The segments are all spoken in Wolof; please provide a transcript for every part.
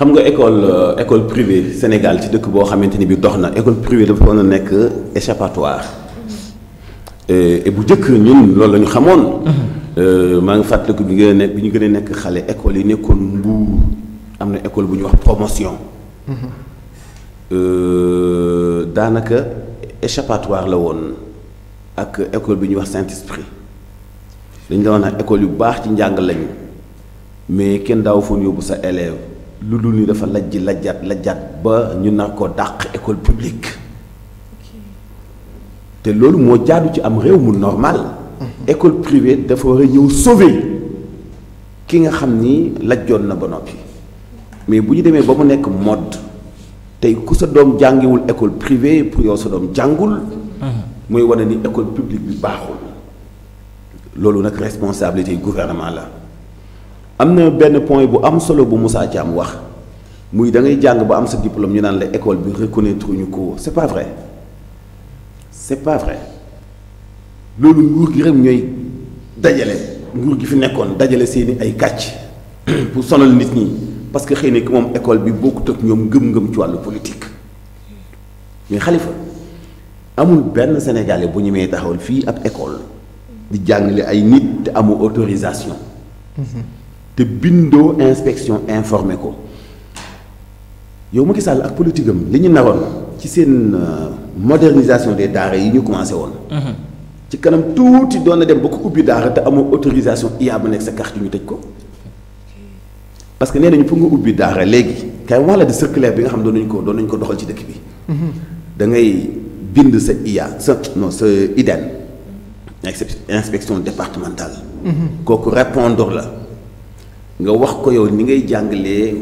xam nga école euh, école privée Sénégal ci dëkk boo xamante ni bi dox na école privée dafa doon nekk échappatoire euh, et bu njëkk ñun loolu la ñu xamoon. Euh, maa ngi fàttaliku bi nga nekk bi ñu gën a nekk xale école yi nekkoon Mbuur am na école bu wax promotion. Mhm. daanaka échappatoire la woon ak école bi wax Saint-Esprit dañ la wax école yu baax ci njàng lañu mais kenn daaw foon yóbbu sa élève Lulu ni dafa lajj lajjaat lajjaat ba ñu nar koo école publique Té lolu mo jaadu ci am réew mu normal mhm. école privée dafa war a sauver ki nga xamni ni na ba nopi mais bu ñu demee ba mu nek mode tay ku sa doom jàngiwul école privée pour yow sa doom jàngul mhm. mooy wane ni école publique bi baaxul lolu nak responsabilité gouvernement la amna ben point bu am solo bu Moussa Diam wax muy da ngay jang bu am sa diplôme ñu naan la école bi reconnaître ñu ko c'est pas vrai c'est pas vrai lolu nguur gi rek ñoy dajalé nguur gi fi nekkoon dajalé seeni ay katch pour sonal nit ñi parce que xeyne mom école bi bokkut ak ñom gëm gëm ci walu politique mais Khalifa, amul ben sénégalais bu ñu may taxawal fii ab école di jàngale ay nit te amul autorisation. Mm-hmm te bindo inspection informé ko yow mu Sall ak politiqueum liñu li ci sen euh, modernisation des daara yi ñu commencé won mhm. ci kanam touti doona dem ba ko ubbi daara te amo autorisation IA bu nekk sa carte ñu tej ko. parce que nenañu fu nga ubbi daara léegi kay wala de circulaire bi nga xam doonañ ko doonañ ko doxal ci dëkk bi. Mhm. da ngay bind sa iya sa non sa IDEN. inspection départementale. Mhm. koku répondre la nga wax ko yow ni ngay jàngalee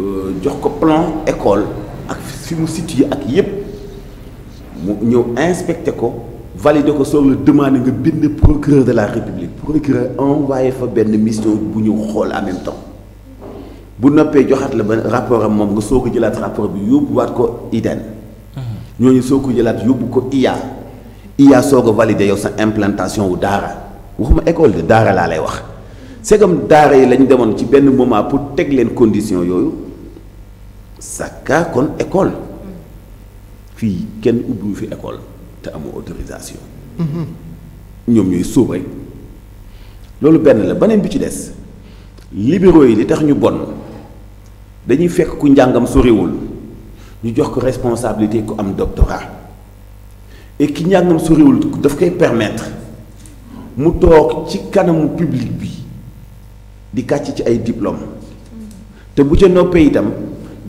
euh, jox ko plan école ak fi situé ak yépp mu ñëw inspecté ko validé la nga bind procureur de la république procureur envoyé fa benn mission bu ñu xool en même temps bu noppee joxaat la rapport am moom nga soo ko rapport bi yóbbuwaat ko IDEN hum. ñooñu soo ko jëlaat ko IA IA soo yow sa implantation wu daara waxuma école de daara segam daara yi lañu demoon ci ben moment pour teg leen condition yoyu saka kon école fi kenn ubbiwu fi école té amoo autorisation mm-hmm. ñom ñooy suub rek loolu benn la benen bi ci dess libéraux yi li tax ñu bon dañuy fekk ku njàngam rewul ñu jox ko responsabilité ku am doctorat et ki njàngam soriwul daf koy permettre mu tok ci kanamu public bi di kàcc ci ay diplôme té bu ca noppee itam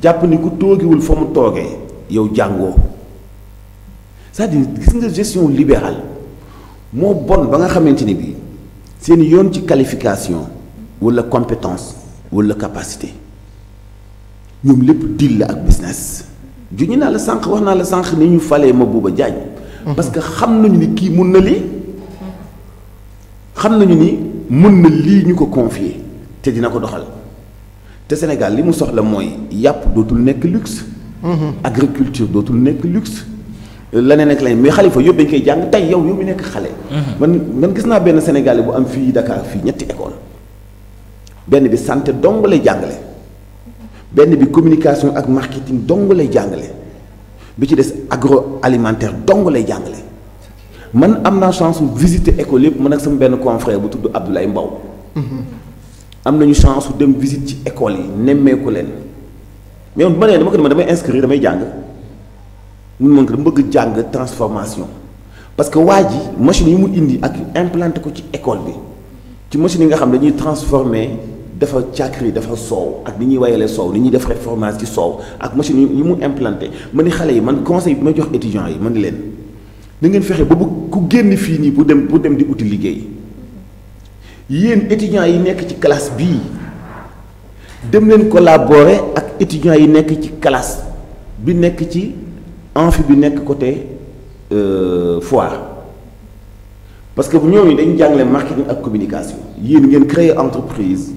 japp ni ku toogiwul fa mu togué yow jango c'est-à-dire gis nga gestion libérale mo bon ba nga xamante bi seen yoon ci qualification wala compétence wala capacité ñoom lépp dil la ak business. juñu na la sànq wax naa la sànq ni ñu falee ma buuba jaaj parce que xam nañu ni kii mun na lii. xam nañu ni mën na lii ñu ko confier te dina ko doxal te Sénégal li mu soxla mooy yàpp dootul nekk luxe. Mhm. agriculture dootul nek luxe. lanen ak lay mais khalifa yëpp dañ koy jàng yow yomi nek xalé mhm. man man gis na ben sénégalais bu am fi Dakar fi ñetti école ben bi santé dong lay jàngale. benn bi communication ak marketing dong lay jàngale bi ci agro alimentaire dong lay jàngale man amna chance visiter école yëpp man ak sama ben confrère bu tuddu Abdoulaye Mbaw mhm am nañu chance dem visite ci école yi nemmeeku leen mais bu ma nee dama ko dama damay inscrire damay jàng mun man ko bëgg jàng transformation parce que waa ji machine yi mu indi ak implanté ko ci école bi ci machine yi nga xam dañuy transformer dafa càkkri dafa soow ak ni ñuy wayalee soow ni ñuy def réformage ci soow ak machine yi mu implanté ma ni xale yi man conseil bi may jox étudiants yi man leen na ngeen fexe ba bu ku génn fii nii bu dem bu dem di uti liggéey yéen étudiants yi nek ci classe Ils dem len collaborer ak étudiants yi nek ci classe bi nek ci amphi bi nekk côté euh, foire parce que bu ñoom ñi dañu jàngale marketing ak communication yéen ngeen créer entreprise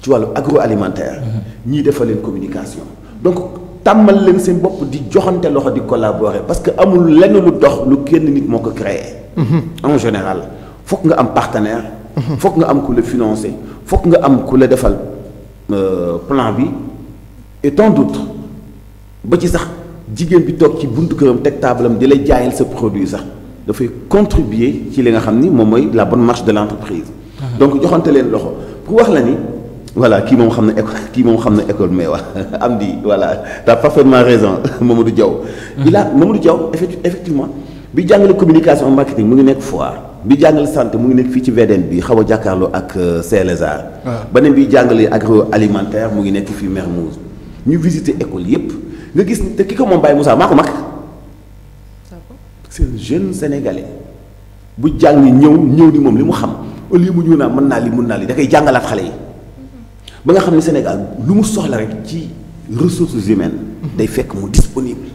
ci wàllu agroalimentaire mm-hmm. ñii defal leen communication donc tàmmal leen seen bopp di joxante loxo di collaborer parce que amul lenn lu dox lu kenn nit moo ko créer mm-hmm. en général foog nga am partenaire foog nga am ku le financer foog nga am ku la defal euh, plan bi et tant d'autres ba ci sax jigéen bi toog ci buntu këram teg Table, di les jaayal sa produit sax faire contribuer ci li nga xam la bonne marche de l'entreprise. Ah. donc je rentre loxo ku wax la ni. voilà qui moom xam na école kii moom xam école mais am di voilà t'as parfaitement raison Mamadou Diaw. Mm-hmm. il a Mamadou Diaw effectivement bi jàngale communication marketing mu ngi nekk foire bi jangal santé mu ngi ci VDN bi xawa a ak euh, ah. bi alimentaire, mu ngi nek fi ñu école nga gis te Baye c'est un jeune sénégalais bu jàng ñew ñew di mom limu xam au lieu mu li li da Sénégal lu mu soxla rek ci ressources humaines. Mm-hmm. day fekk mu disponible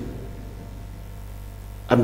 am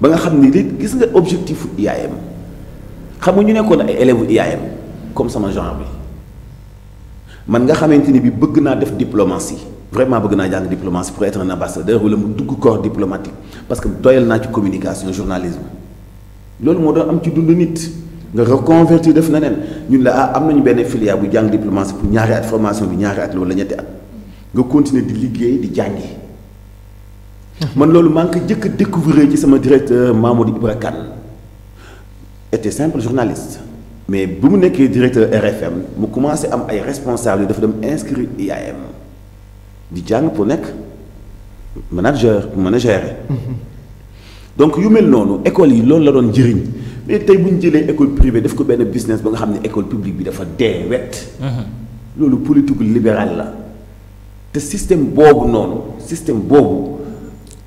ba nga xam ni li gis nga objectif IAM xam ñu nekkoon ay élèves IAM comme sama genre bi man nga xamante ni bi bëgg naa def diplomatie vraiment bëgg naa jàng diplomatie pour être un ambassadeur wala mu dugg corps diplomatique parce que doyal naa ci communication journalisme loolu moo doon am ci dund nit nga reconvertir def na ñun la ah am nañu benn filière bu jàng diplomatie pour ñaari at formation bi ñaari at loolu la ñetti at nga continuer di liggéey di jàngi man lolou maa ngi ko jëkk découvrir ci sama directeur Mamadou Ibrakan. était simple journaliste mais bu mu nekkee directeur RFM mu commencé am ay responsables dafa dem inscrire IAM di jàng pour nek, manager pour donc yu mel nonou école yi lolou la doon jëriñ mais tay buñu jëlé école privée def ko benn business ba nga xam l'école école publique bi dafa dee wet mhm. loolu politique libérale la te système bobu nonou système bobu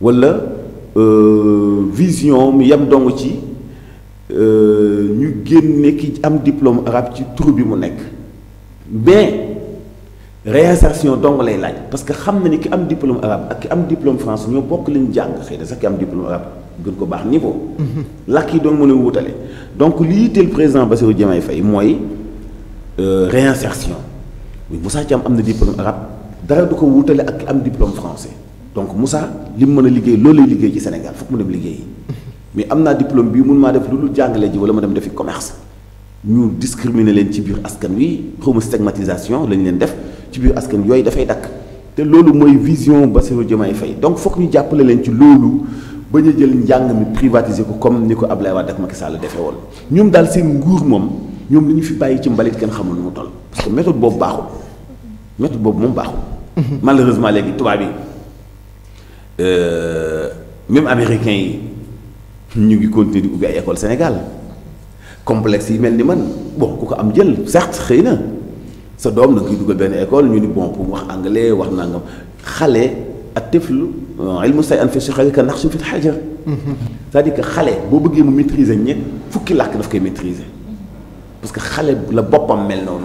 wala euh, vision mi yam dong ci euh, ñu génne ki am diplôme arabe ci tur bi mu nekk mais réalisation dong lay laaj parce que xam na ni ki am diplôme arabe ak ki am diplôme français ñoo bokk liñ jàng xëy na sax ki am diplôme arabe gën ko baax niveau mhm. làkk yi doon mën a wutale donc li yitteel président Bassirou Diomaye Faye mooy euh, réinsertion oui Moussa Thiam am na diplôme arabe dara du ko wutale ak am diplôme français donc Moussa li mu mën a liggéey loolu liggéey ci Sénégal foog mu dem liggéey mais amna diplôme bi mun ma def lu dul jàngale ji wala ma dem defi commerce ñu discriminer leen ci biir askan wi xaw stigmatisation lañ leen def ci biir askan yooyu dafay dakk te loolu mooy vision Bassirou Diomaye Faye donc foog ñu jàppale leen ci loolu ba ñu jël njàng mi privatiser ko comme ni ko Ablaye Wade ak Macky Sall defee woon ñoom daal seen nguur moom ñoom li ñu fi bàyyi ci mbalit kenn xamul nu mu toll parce que méthode boobu baaxul méthode boobu moom baaxul mhm. malheureusement léegi tubaab yi euh, même américain yi ñu ngi continuer di ubbi école Sénégal complexe yi mel man bon ku ko am jël certes xëy na sa doom da nga koy école ñu ni bon pour mu wax anglais wax nangam xale ak teflu euh, ilmu say an fi si xale ka nax suñ fi xajar c'est-à-dire que xale boo bëggee mu maîtriser ñe fukki làkk daf koy maîtriser parce que xale la boppam mel non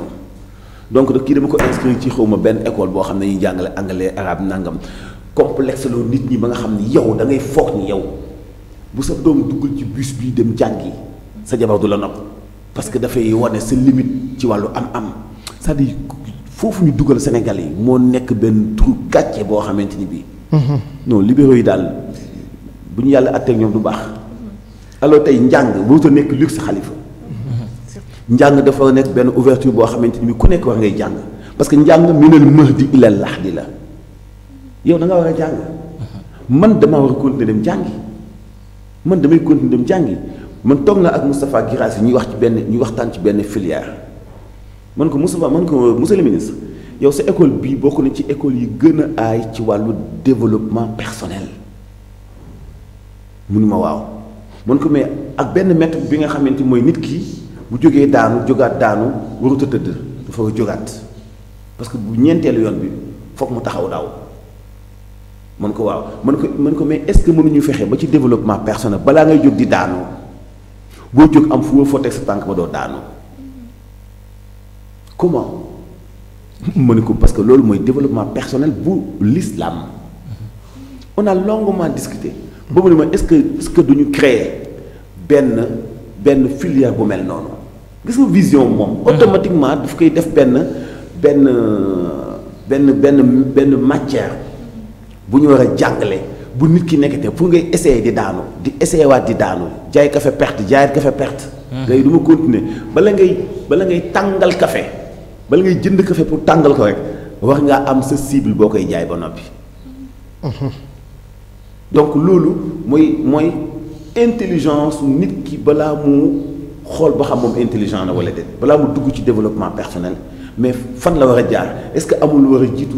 donc da kii dama ko inscrire ci xawma benn école boo xam ne ñuy jàngale anglais arabe nangam complexe loo nit ñi ba nga xam ni yaw da ngay foog ni yow bu sa doom duggul ci bus bii dem yi sa jabar du la nopp parce que dafay wane sa limite ci wàllu am-am foofu ñu dugal Sénégal yi moo nekk benn turu gàcce boo xamante ni bi mhm. non libéraux yi daal bu ñu yàlla àtteeg ñoom du baax. alors tey njàng mënut a nekk luxe xalifa. Mhm. njàng dafa nekk benn ouverture boo xamante ni bi ku nekk war ngay jàng parce que njàng minal mahdi ilal lahdi la. yow da nga war a jàng man damaa war a continuer dem jàngi man damay continuer dem jàngi man toog na ak Moustapha yi ñuy wax ci benn ñuy waxtaan ci benn filière man ko Moustapha man ko monsieur le ministre yow sa école bii bokk na ci école yi gën a aay ci wàllu développement personnel mu ni ma waaw man ko mais ak benn méthode bi nga xamante mooy nit ki bu jógee daanu jógaat daanu warut tëdd dafa jógaat parce que bu ñeenteelu yoon bi foog mu taxaw daaw man ko waaw man ko man ko mais est-ce que mënuñu fexe ba ci développement personnel balaa ngay jóg di daanoo boo jóg am fu foo teg sa tànk ba doo daanoo comment mën ko parce que loolu mooy développement personnel bu l'islam on a longuement discuté ba mu ne ma est-ce que est-ce que duñu créer benn benn filière bu mel noonu gis nga vision moom hmm. automatiquement daf koy def benn benn benn benn benn matière bu ñu war a jàngale bu nit ki nekkatee pour ngay essayer di daanu di essayer waat di daanu jaay café perte jaayat kafe perte. Hmm. léegi du ma continuer bala ngay bala ngay tàngal kafe bala ngay jënd kafe pour tàngal ko rek wax nga am sa cible boo koy jaay ba noppi. donc loolu mooy mooy intelligence nit ki balaa mu xool ba xam moom intelligent na wala déet balaa mu dugg ci développement personnel mais fan la war a jaar est-ce que amul war a jiitu.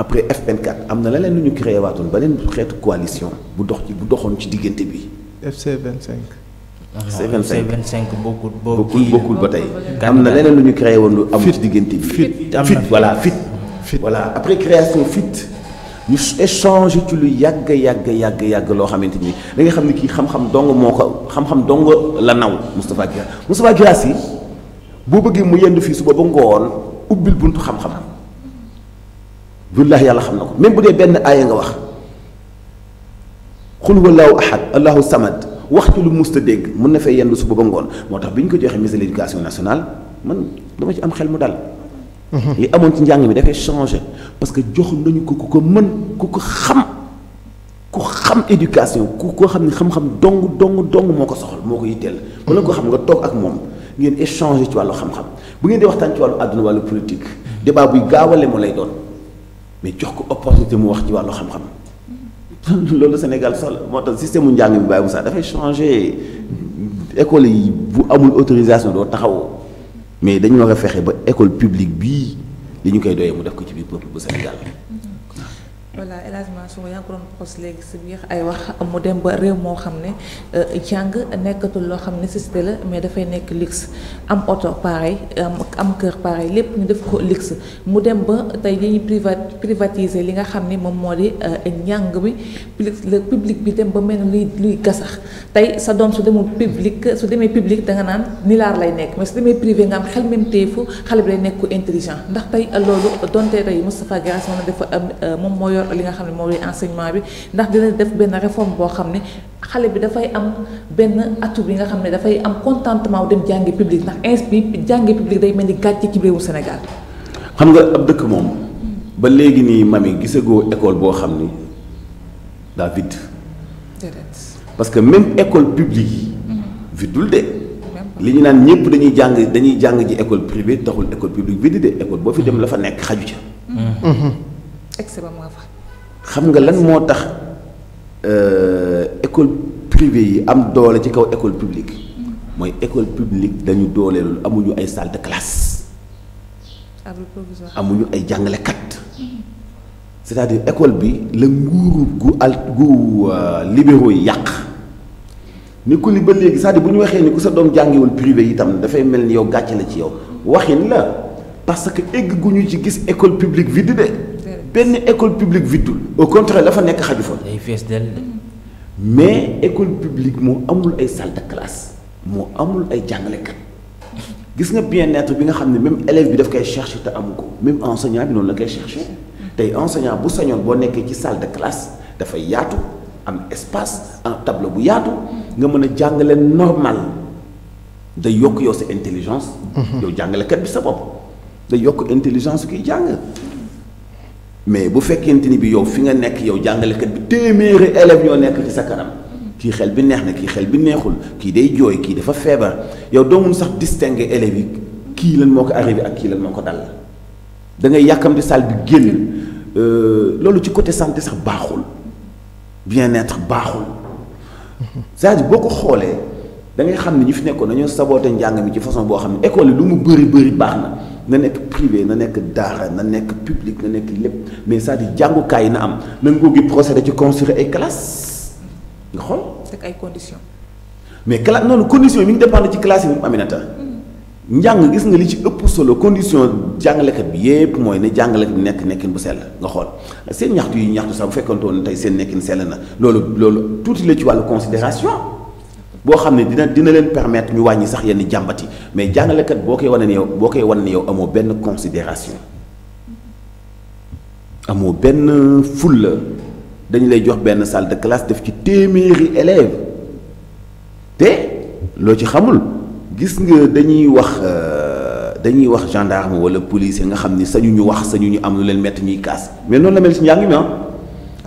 après F24 amna na leneen lu ñu créé waatoon beneen xeetu coalition bu dox ci bu doxoon ci diggante bi. FC 25. FC 25 beaucoup beaucoup bokkul bokkul ba tey. leneen ñu créé lu am ci diggante bi. fit voilà fit. voilà après création fit ñu échange ci lu yag yag yag yag lo xamante ni da nga xamni ki xam-xam dong moko xam-xam dong la naw Gira Guirassy Gira si bo bëggee mu yënd fi su ba ngoon ubbil buntu xam-xam. الله يلا خم نقول من بدي بين آية وخ قل هو الله أحد الله الصمد وقت المستدق من في يندو سبب بنقول ما تبين كده خم مثل الإدارة الوطنية من دمج أم خل مدل يا أم أنت جانعي بدك تغير بس كجوه نو نيكو كوكو من كوكو خم كو خم إدارة كوكو خم خم خم دعو دعو دعو موكو صار موكو يتل من كوكو خم غطوك أكمل يعني تغير توالو خم خم بعدين ده وقت أنت توالو أدنى والو سياسي ده بابي قاول لمولاي دون mais jox ko opportunité mu wax ci wàllu xam-xam loolu Sénégal soxla moo système mu bi baye Moussa dafay changer école yi bu amul autorisation do taxaw mais dañu war fexé ba école publique bi li ñu koy doyee mu def ko ci biir peuple bu Sénégal voilà El Hadj Mansour yaa ngi si biir ay wax mu dem ba réew moo xam ne euh, jàng nekkatul loo xam ne nécessité la mais dafay nekk luxe am oto pareil am kër pareil lépp ñu def ko luxe mu dem ba tey dañuy priva privatiser li nga xam ni moom moo di euh, njàng bi la public bi dem ba mel na luy luy gasax tey sa doom su demul public su demee public danga naan nilaar lay nekk mais su demee privé nga am xel même téefu xale bi day nekk intelligent ndax tey loolu donte tey Moustapha Guèye moom dafa euh, moom mooy yor li nga xam ne moom di enseignement bi ndax dina def benn réforme boo xam ne xale bi dafay am benn atout bi nga xam ne dafay am contentement dem jàngi public ndax bi jàngi public day mel ni gàcce ci réewu Sénégal. xam nga ab dëkk moom. ba léegi nii mami gisagoo école boo xam ni daa vide. parce que même école publique yi. Mm-hmm. vidul de. li ñu naan ñëpp dañuy jàng dañuy jàng ji école privée taxul école publique vide de école boo fi dem la fa nekk xaju ca. Mm-hmm. excès ba moo xam nga lan mo tax euh, école privée yi am doole ci kaw école publique Moy école publique dañu dooleelul amuñu ay salle de classe. Ah, amuñu ay kat. c'est-à-dire école bi le nguuru gu al gu euh, libéraux yi yàq ni ku li ba léegi c'est-à-dire bu ñu waxee ni ku sa doom jàngiwul privé yi itam dafay mel ni yow gàcce la ci yow waxin la parce que egg guñu ci gis école publique vide de une école publique au contraire a fait des fa mais l'école publique mo amul ay salle de classe mo amul ay nga bien-être bi nga même élève bi daf kay cherché ta amuko même enseignant bi non la kay chercher tay enseignant bu salle de classe yatou am espace un tableau bu yatou nga normal de yok sa intelligence mhm. bi sa intelligence mais bu fekkente ni bi yow fi nga nekk yow jàngalekat bi téeméeri élèves ñoo nekk ci sa kanam kii xel bi neex na kii xel bi neexul kii day jooy kii dafa feebar yow doo mun sax distinguer élèves yi kii lan moo ko arrivé ak kii lan moo ko dal da ngay yàkkamti salle bi génn euh, loolu ci côté santé sax baaxul bien-être baaxul cest à boo ko xoolee da ngay xam ne ñi fi nekkoon dañoo saboté njàng mi ci façon boo xam ne école yi lu mu bëri bëri baax na na privé na nekk daara na nekk public na nekk lépp mais c'est-à-dire jàngukaay na am na nguur gi procédé ci construire ay classes nga xool. ak ay conditions. mais non, noonu conditions yi mi dépendre ci classe yi moom Aminata. Mm-hmm. njàng gis nga li ci ëpp solo condition jàngalekat bi yépp moy ne jàngalekat bi nekk nekkin bu sel nga xol seen ñaxtu yi ñaxtu sa bu fekkontoon tay seen nekkin sel na lolu lolu tout la ci wàllu considération boo xam ne dina dina leen permettre ñu wàññi sax yenn jàmbat yi mais jàngalekat boo koy wane ne yow boo koy wane ne yow amoo benn considération amoo benn fulla dañu lay jox benn salle de classe def ci téeméeri élèves te loo ci xamul gis nga dañuy wax euh, dañuy wax gendarme wala police nga xam ni sañu ñu wax sañu ñu am lu leen metti ñuy kaas mais noonu la mel ci njàng mi ah.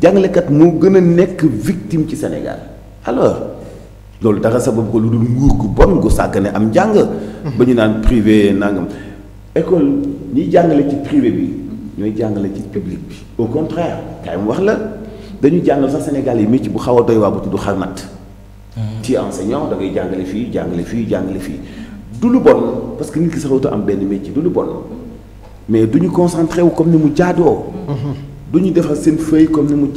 jàngalekat moo gën a nekk victime ci Sénégal alors loolu dara sabab ko lu dul nguur gu bon gu sàggane am njàng. ba ñu naan privé nangam école ñuy jàngale ci privé bi ñooy jàngale ci public bi. au contraire kaay mu wax la dañu jàngal sax Sénégal yi métier bu xaw a doy waa bu tudd xarnat hmm. ci enseignant da ngay jàngale fii jàngale fii jàngale fii du lu bon parce que nit ki sax am benn métier du lu bon mais du ñu concentré wu comme ni mu jaadoo. Hmm. Nous ñu seen feuille comme ni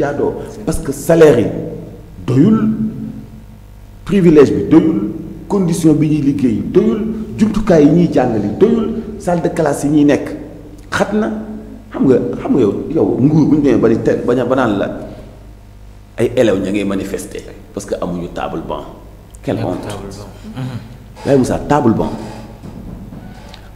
parce que salaire yi doyul privilège bi doyul condition bi ñuy doyul doyul salle de classe yi nekk xat xam nga xam nga yow nguur élèves parce que amuñu table banc. quelle honte.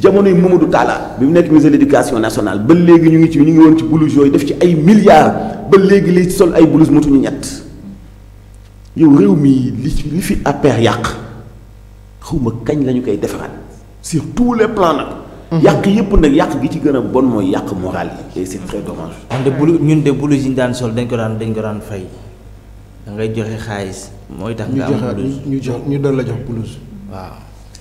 jamono yi Mamadou Talla bi mu nekk ministre de nationale ba léegi ñu ngi ci ñu ngi won ci blouse yooyu def ci ay milliards ba léegi li ci sol ay blouse motuñu ñett yow réew mi li li fi affaire yàq xawma kañ lañu koy defaraat sur tous les plans nag. Mhm. yàq yëpp nag yàq gi ci gëna bon moy yàq moral et c'est très dommage. ñun de blouse ñun de blouse yi daan sol dañ ko daan dañ ko daan fay da ngay joxe xaalis. moy tax nga am blouse ñu jox ñu doon la jox blouse waaw.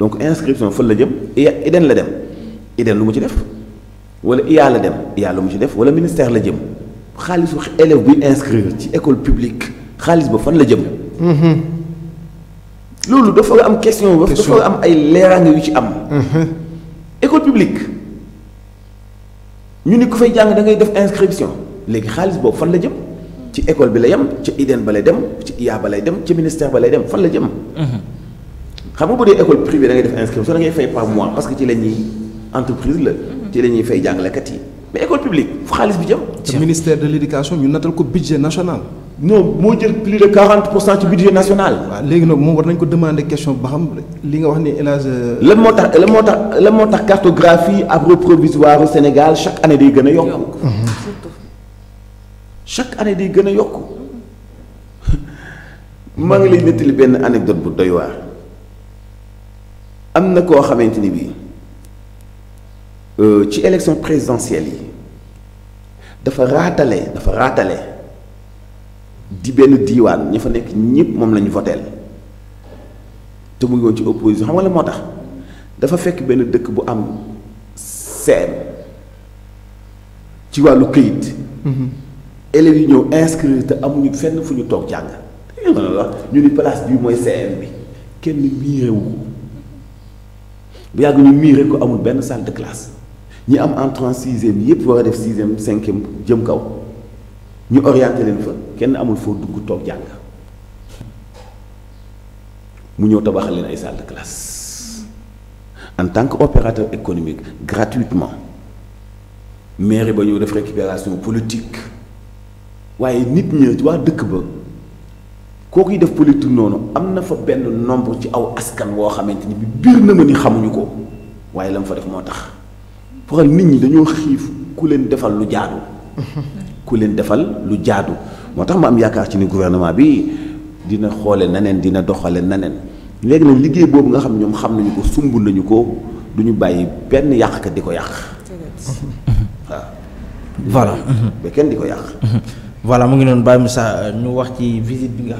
donc inscription fël la jëm iden la dem iden lu mu ci def wala IA la dem IA lu mu ci def wala ministère la jëm xaalisu élève buy inscrire ci école publique xaalis ba fan la jëm mhm. loolu dafa am question ba dafa am ay leeraange yu ci am mhm. école publique ñu ni ku fay jàng da ngay def inscription léegi xaalis boobu fan la jëm ci école bi la yem ci iden ba lay dem ci IA ba lay dem ci ministère ba lay dem fan la jëm mhm xam nga bu école privée da ngay def inscription so da ngay fay par mois parce que ci la ñuy entreprise la ci la ñuy fay jàngalekat yi mais école publique fu xaalis bi jëm ministère de l'éducation ñu natal ko budget national non moo jël plus de 40 pour cent ci budget national. waaw léegi nag moom war nañ ko demander question ba xam li nga wax ni élage. Euh, lan moo tax lan moo tax moo tax cartographie abri provisoire Sénégal chaque année day gën a yokku. Mhm. chaque année day gën a yokku. maa ngi lay nettali benn anecdote bu doy waar am na koo xamante euh, ci élection présidentielle yi dafa raatale dafa raatale di benn diiwaan ñi fa nekk ñëpp moom la voteel mu ngi ci opposition xam nga la am ci wàllu këyit. Mhm. élèves yi ñëw inscrire te fenn fu ñu ñu ni place CM bi kenn bu yàgg ñu miiré ko amul benn salle de classe ñi am entrant sixième yëpp war a def sixième cinquième jëm kaw ñu orienté leen fa kenn amul foo dugg toog jàng mu ñëw tabaxal leen ay salle de en tant que opérateur économique gratuitement mairie ba ñëw def récupération politique waaye nit ñi waa dëkk ba kooku yi def politique noonu am na fa benn nombre ci aw askan woo xamante ni bi biir na ma ni xamuñu ko waaye la mu fa def moo tax pour nit ñi dañoo xiif ku leen defal lu jaadu ku leen defal lu jaadu moo tax ma am yaakaar ci ni gouvernement bi dina xoole naneen dina doxale naneen léegi nag liggéey boobu nga xam ñoom xam nañu ko sumb nañu ko du ñu bàyyi benn yàqkat di ko yàq waaw voilà ba kenn di ko yàq voilà mu ngi noonu Baye Moussa ñu wax ci